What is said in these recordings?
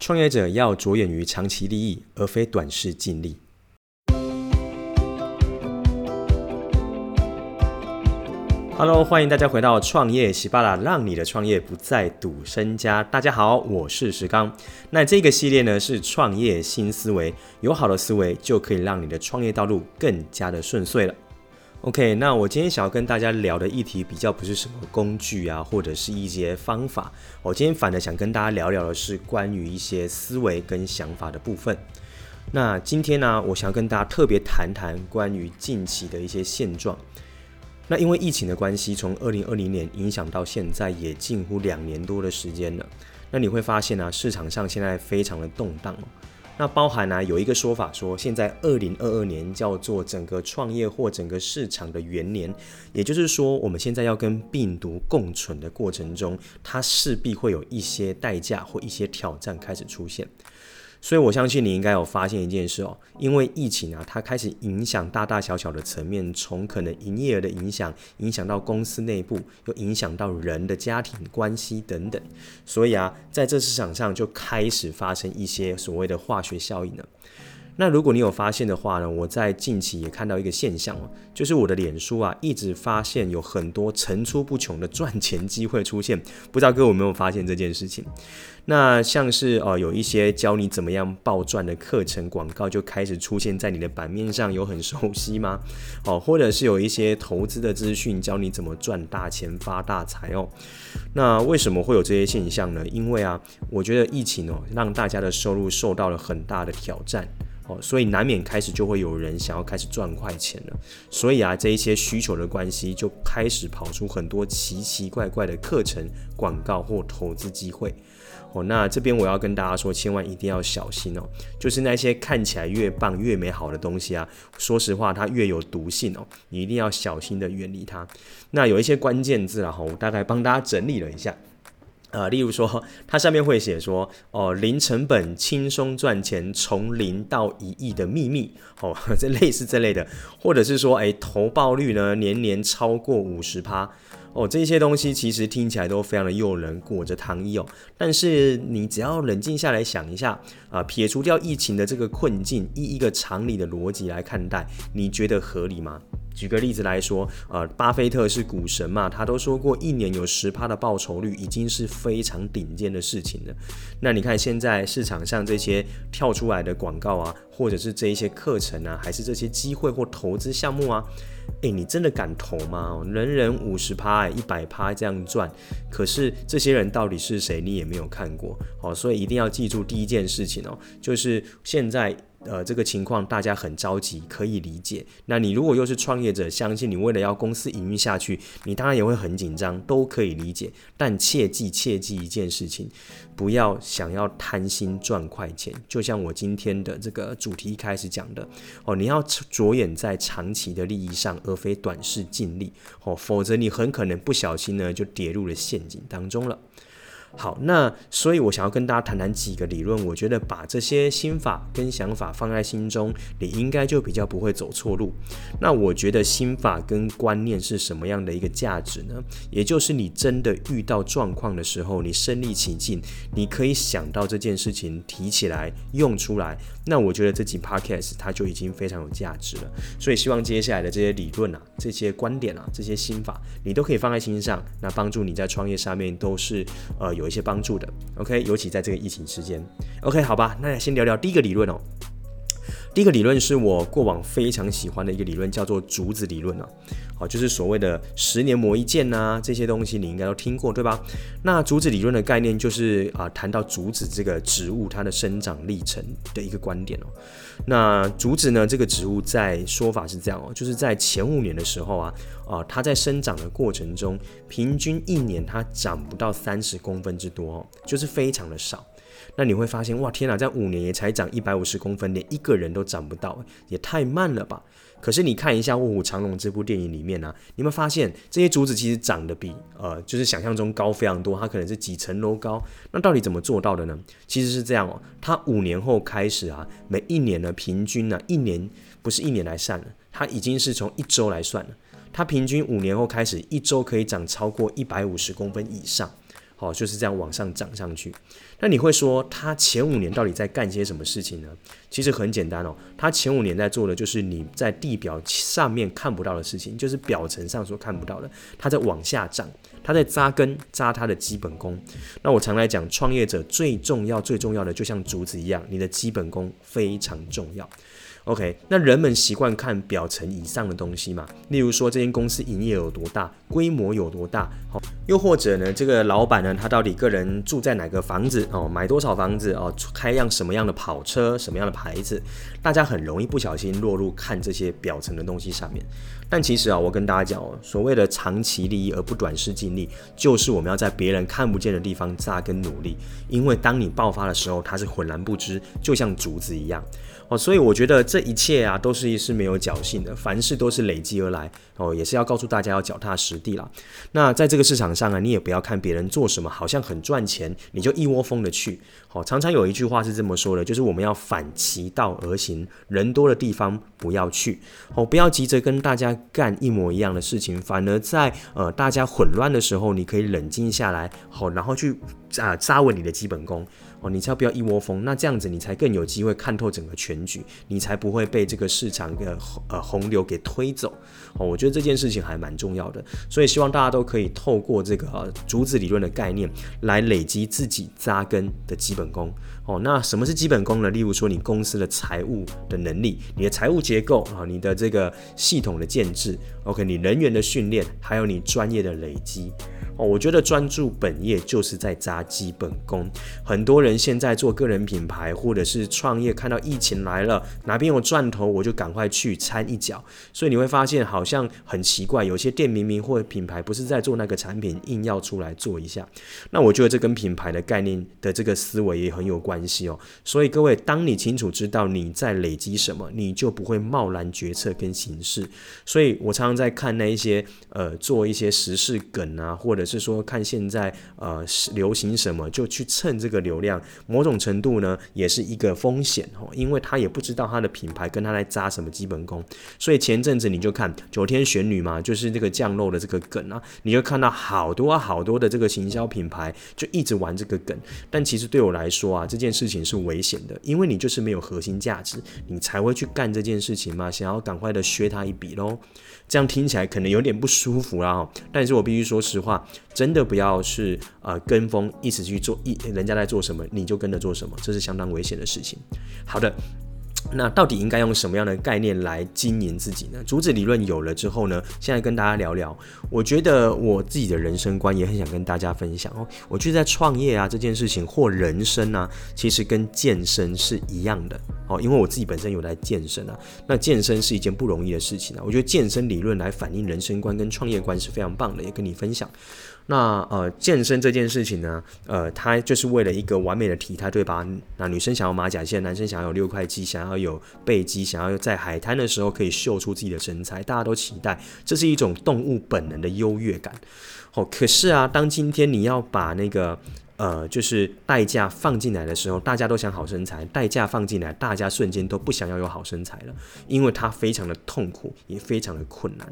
創業者要着眼於長期利益，而非短視近利。Hello，歡迎大家回到創業喜巴拉，讓你的創業不再賭身家。大家好，我是石剛。那這個系列呢，是創業心思維，有好的思維就可以讓你的創業道路更加的順遂了。OK，那我今天想要跟大家聊的議題比較不是什麼工具啊，或者是一些方法，我今天反而想跟大家聊聊的是關於一些思維跟想法的部分。那今天呢、啊，我想要跟大家特別談談關於近期的一些現狀。那因為疫情的關係，從二零二零年影響到現在也近乎兩年多的時間了。那你會發現呢、啊，市場上現在非常的動盪。那包含呢、啊，有一個說法說，現在二零二二年叫做整個創業或整個市場的元年，也就是說，我們現在要跟病毒共存的過程中，它勢必會有一些代價或一些挑戰開始出現。所以，我相信你應該有發現一件事哦，因為疫情啊，它開始影響大大小小的層面，從可能營業額的影響，影響到公司內部，又影響到人的家庭關係等等。所以啊，在這市場上就開始發生一些所謂的化學效應呢啊。那如果你有發現的話呢，我在近期也看到一個現象哦，就是我的臉書啊，一直發現有很多層出不窮的賺錢機會出現。不知道各位有沒有發現這件事情？那像是呃，有一些教你怎麼樣暴賺的課程廣告，就開始出現在你的版面上，有很熟悉嗎？哦，或者是有一些投資的資訊，教你怎麼賺大錢發大財哦。那為什麼會有這些現象呢？因為啊，我覺得疫情哦，讓大家的收入受到了很大的挑戰。所以難免開始就會有人想要開始賺快錢了，所以啊，這一些需求的關係就開始跑出很多奇奇怪怪的課程、廣告或投資機會。哦，那這邊我要跟大家說，千萬一定要小心哦，就是那些看起來越棒越美好的東西啊，說實話它越有毒性哦，你一定要小心地遠離它。那有一些關鍵字啊，我大概幫大家整理了一下。呃，例如說，它下面會寫說，哦，零成本輕鬆賺錢，從零到一億的秘密，哦，這類似這類的，或者是說，哎，投報率呢年年超過五十趴，哦，這些東西其實聽起來都非常的誘人，裹着糖衣哦，但是你只要冷靜下來想一下，啊、呃，撇除掉疫情的這個困境，以一個常理的邏輯來看待，你覺得合理嗎？舉個例子來說，呃，巴菲特是股神嘛，他都說過一年有十趴的報酬率已經是非常頂尖的事情了。那你看現在市場上這些跳出來的廣告啊，或者是這一些課程啊，還是這些機會或投資項目啊，誒，你真的敢投嗎？人人五十趴、一百趴這樣賺，可是這些人到底是誰，你也沒有看過，好，所以一定要記住第一件事情哦，就是現在。呃，這個情況大家很着急，可以理解。那你如果又是創業者，相信你為了要公司營運下去，你當然也會很緊張，都可以理解。但切記切記一件事情，不要想要貪心賺快錢。就像我今天的這個主題一開始講的，哦，你要着眼在長期的利益上，而非短視近利。哦，否則你很可能不小心呢就跌入了陷阱當中了。好，那所以，我想要跟大家談談幾個理論。我覺得把這些心法跟想法放在心中，你應該就比較不會走錯路。那我覺得心法跟觀念是什麼樣的一個價值呢？也就是你真的遇到狀況的時候，你身歷其境，你可以想到這件事情提起來用出來。那我覺得這幾 podcast 它就已經非常有價值了。所以，希望接下來的這些理論啊、這些觀點啊、這些心法，你都可以放在心上，那幫助你在創業上面都是呃。有一些幫助的，OK，尤其在這個疫情期間，OK，好吧，那先聊聊第一個理論哦。第一個理論是我過往非常喜歡的一個理論，叫做竹子理論。啊，就是所謂的十年磨一劍吶、啊，這些東西你應該都聽過，對吧？那竹子理論的概念就是啊，談到竹子這個植物它的生長歷程的一個觀點哦。那竹子呢，這個植物在說法是這樣哦，就是在前五年的時候啊，啊，它在生長的過程中，平均一年它長不到三十公分之多，就是非常的少。那你會發現，哇天啊，這五年也才長一百五十公分，連一個人都長不到，也太慢了吧？可是你看一下《臥虎藏龍》這部電影裡面呢、啊，你們發現這些竹子其實長得比呃，就是想象中高非常多，它可能是幾層樓高。那到底怎麼做到的呢？其實是這樣哦、啊，它五年後開始啊，每一年呢，平均呢、啊，一年不是一年來算了，它已經是從一周來算了，它平均五年後開始，一周可以長超過一百五十公分以上。好、哦，就是這樣往上長上去。那你會說，他前五年到底在幹些什麼事情呢？其實很簡單哦，他前五年在做的就是你在地表上面看不到的事情，就是表層上所看不到的。他在往下長，他在扎根，扎他的基本功。那我常來講，創業者最重要、最重要的，就像竹子一樣，你的基本功非常重要。OK，那人們習慣看表層以上的東西嘛，例如說這間公司營業有多大，規模有多大，好、哦，又或者呢，這個老板呢，他到底個人住在哪個房子哦，買多少房子哦，開輛什麼樣的跑車，什麼樣的牌子，大家很容易不小心落入看這些表層的東西上面。但其實啊，我跟大家講、哦，所謂的長期利益而不短視近利，就是我們要在別人看不見的地方扎根努力，因為當你爆發的時候，他是渾然不知，就像竹子一樣哦，所以我覺得這。一切啊，都是是沒有僥倖的，凡事都是累積而來哦，也是要告訴大家要腳踏實地啦。那在這個市場上啊，你也不要看別人做什麼，好像很賺錢，你就一窩蜂的去。好、哦，常常有一句話是這麼說的，就是我們要反其道而行，人多的地方不要去哦，不要急着跟大家幹一模一樣的事情，反而在呃大家混亂的時候，你可以冷靜下來，好、哦，然後去啊扎穩你的基本功。哦，你才不要一窩蜂，那這樣子你才更有機會看透整個全局，你才不會被這個市場的洪呃洪流給推走。哦，我覺得這件事情還蠻重要的，所以希望大家都可以透過這個竹子理論的概念來累積自己扎根的基本功。哦，那什麼是基本功呢？例如說你公司的財務的能力，你的財務結構啊，你的這個系統的建制，OK，你人員的訓練，還有你專業的累積。哦，我覺得專注本業就是在扎基本功，很多人。現在做個人品牌或者是創業，看到疫情來了，哪邊有賺頭我就趕快去參一腳。所以你會發現好像很奇怪，有些店明明或品牌不是在做那個產品，硬要出來做一下。那我覺得這跟品牌的概念的這個思維也很有關係哦。所以各位，當你清楚知道你在累積什麼，你就不會貿然決策跟行事。所以我常常在看那一些呃做一些時事梗啊，或者是說看現在呃流行什麼，就去蹭這個流量。某種程度呢，也是一個風險哦，因為他也不知道他的品牌跟他來扎什麼基本功，所以前陣子你就看九天玄女嘛，就是這個降肉的這個梗啊，你就看到好多、啊、好多的這個行銷品牌就一直玩這個梗，但其實對我來說啊，這件事情是危險的，因為你就是沒有核心價值，你才會去幹這件事情嘛，想要趕快的削他一筆嘍。這樣聽起來可能有點不舒服啦、啊，但是我必須說實話，真的不要是呃跟風一直去做一人家在做什麼，你就跟着做什麼，這是相當危險的事情。好的，那到底應該用什麼樣的概念來經營自己呢？竹子理論有了之後呢，現在跟大家聊聊，我覺得我自己的人生觀也很想跟大家分享哦。我覺得在創業啊這件事情或人生啊，其實跟健身是一樣的。哦，因為我自己本身有在健身啊，那健身是一件不容易的事情啊。我覺得健身理論來反映人生觀跟創業觀是非常棒的，也跟你分享。那呃，健身這件事情呢，呃，它就是為了一個完美的體態，對吧？那女生想要馬甲線，男生想要有六塊肌，想要有背肌，想要在海灘的時候可以秀出自己的身材，大家都期待，這是一種動物本能的優越感。哦，可是啊，當今天你要把那個。呃，就是代價放進來的時候，大家都想好身材。代價放進來，大家瞬間都不想要有好身材了，因為它非常的痛苦，也非常的困難。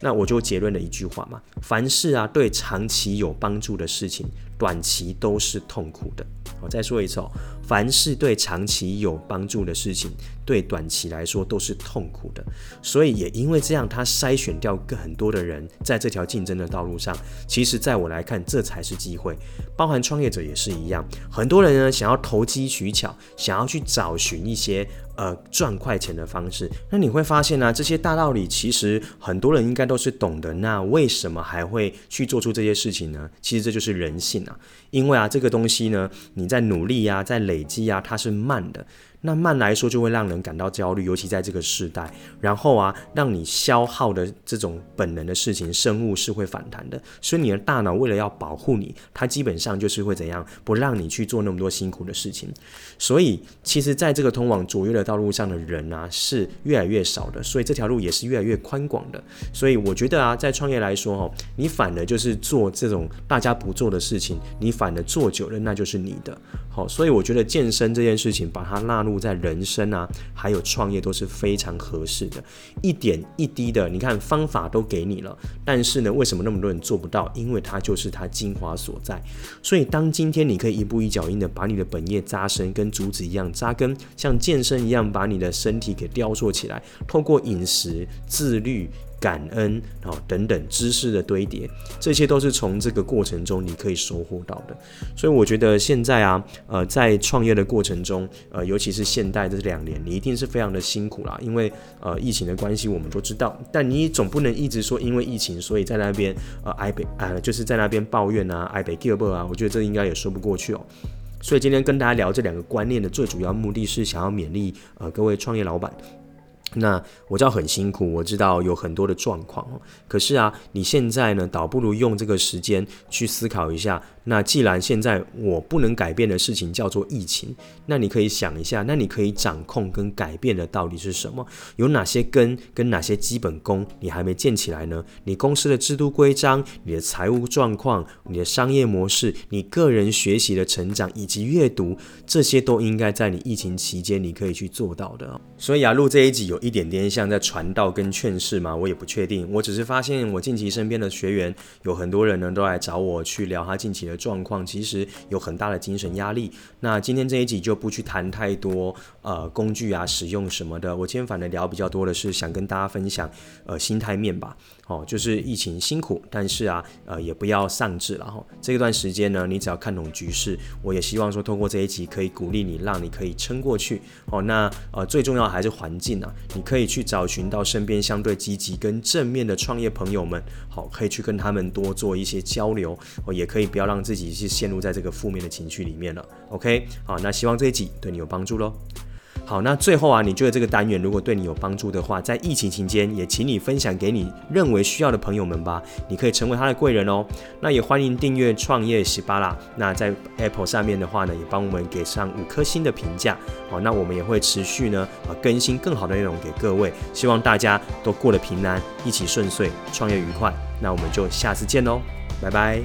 那我就結論了一句話嘛：凡事啊，對長期有幫助的事情，短期都是痛苦的。我再說一次哦。凡是對長期有幫助的事情，對短期來說都是痛苦的，所以也因為這樣，他篩選掉更多的人，在這條競爭的道路上，其實在我來看，這才是機會，包含創業者也是一樣，很多人呢想要投機取巧，想要去找尋一些呃賺快錢的方式，那你會發現呢、啊，這些大道理其實很多人應該都是懂的，那為什麼還會去做出這些事情呢？其實這就是人性啊，因為啊這個東西呢，你在努力呀、啊，在累。累積啊，它是慢的。那慢來說就會讓人感到焦慮，尤其在這個時代，然後啊，讓你消耗的這種本能的事情，生物是會反彈的，所以你的大腦為了要保護你，它基本上就是會怎樣，不讓你去做那麼多辛苦的事情。所以其實，在這個通往卓越的道路上的人啊，是越來越少的，所以這條路也是越來越寬廣的。所以我覺得啊，在創業來說，哦，你反而就是做這種大家不做的事情，你反而做久了，那就是你的。好，哦，所以我覺得健身這件事情，把它納入。在人生啊，還有創業都是非常合適的，一點一滴的。你看方法都給你了，但是呢，為什麼那麼多人做不到？因為它就是它精華所在。所以，當今天你可以一步一腳印的把你的本業扎深，跟竹子一樣扎根，像健身一樣把你的身體給雕塑起來，透過飲食自律，感恩啊，等等知識的堆疊，這些都是從這個過程中你可以收穫到的。所以我覺得現在啊，呃，在創業的過程中，呃，尤其是現代這兩年，你一定是非常的辛苦啦。因為呃，疫情的關係，我們都知道。但你總不能一直說因為疫情，所以在那邊呃哀北啊，就是在那邊抱怨啊，哀北、哥 i 啊。我覺得這應該也說不過去哦。所以今天跟大家聊這兩個觀念的最主要目的是想要勉勵呃各位創業老闆。那我知道很辛苦，我知道有很多的狀況。可是啊，你現在呢，倒不如用這個時間去思考一下。那既然現在我不能改變的事情叫做疫情，那你可以想一下，那你可以掌控跟改變的到底是什麼？有哪些根、跟哪些基本功你還沒建起來呢？你公司的制度規章、你的財務狀況、你的商業模式、你個人學習的成長以及閱讀，這些都應該在你疫情期間你可以去做到的哦。所以雅路這一集有一點點像在傳道跟勸世嘛，我也不確定。我只是發現我近期身邊的學員有很多人呢，都來找我去聊他近期的。狀況，其實有很大的精神壓力。那今天這一集就不去談太多呃工具啊使用什麼的。我今天反正聊比較多的是想跟大家分享呃心態面吧。哦，就是疫情辛苦，但是啊呃也不要喪志了哈、哦。這一段時間呢，你只要看懂局勢，我也希望說通過這一集可以鼓勵你，讓你可以撐過去。哦，那呃最重要的還是環境啊，你可以去找尋到身邊相對積極跟正面的創業朋友們，好、哦，可以去跟他們多做一些交流。哦，也可以不要讓自己是陷入在這個負面的情緒裡面了，OK，好，那希望這一集對你有幫助咯。好，那最後啊，你覺得這個單元如果對你有幫助的話，在疫情期間也請你分享給你認為需要的朋友們吧，你可以成為他的貴人哦。那也歡迎訂閱創業十八啦，那在 Apple 上面的話呢，也幫我們給上五顆星的評價，好，那我們也會持續呢更新更好的內容給各位，希望大家都過得平安，一起順遂，創業愉快，那我們就下次見嘍，拜拜。